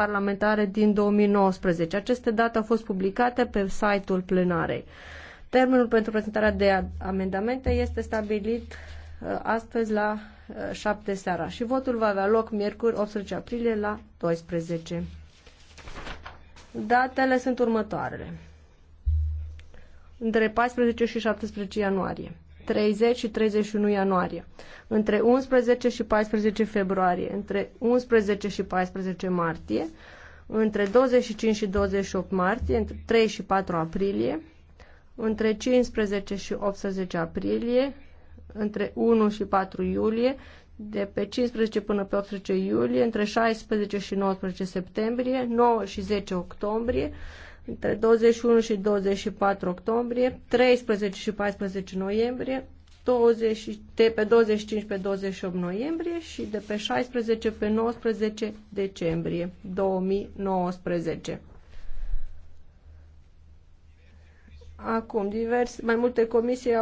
parlamentare din 2019. Aceste date au fost publicate pe site-ul plenarei. Termenul pentru prezentarea de amendamente este stabilit uh, astăzi la 7 uh, seara și votul va avea loc miercuri 18 aprilie la 12. Datele sunt următoarele. Între 14 și 17 ianuarie. 30 și 31 ianuarie, între 11 și 14 februarie, între 11 și 14 martie, între 25 și 28 martie, între 3 și 4 aprilie, între 15 și 18 aprilie, între 1 și 4 iulie, de pe 15 până pe 18 iulie, între 16 și 19 septembrie, 9 și 10 octombrie, între 21 și 24 octombrie, 13 și 14 noiembrie, 20, de pe 25 pe 28 noiembrie și de pe 16 pe 19 decembrie 2019. Acum, divers, mai multe comisii au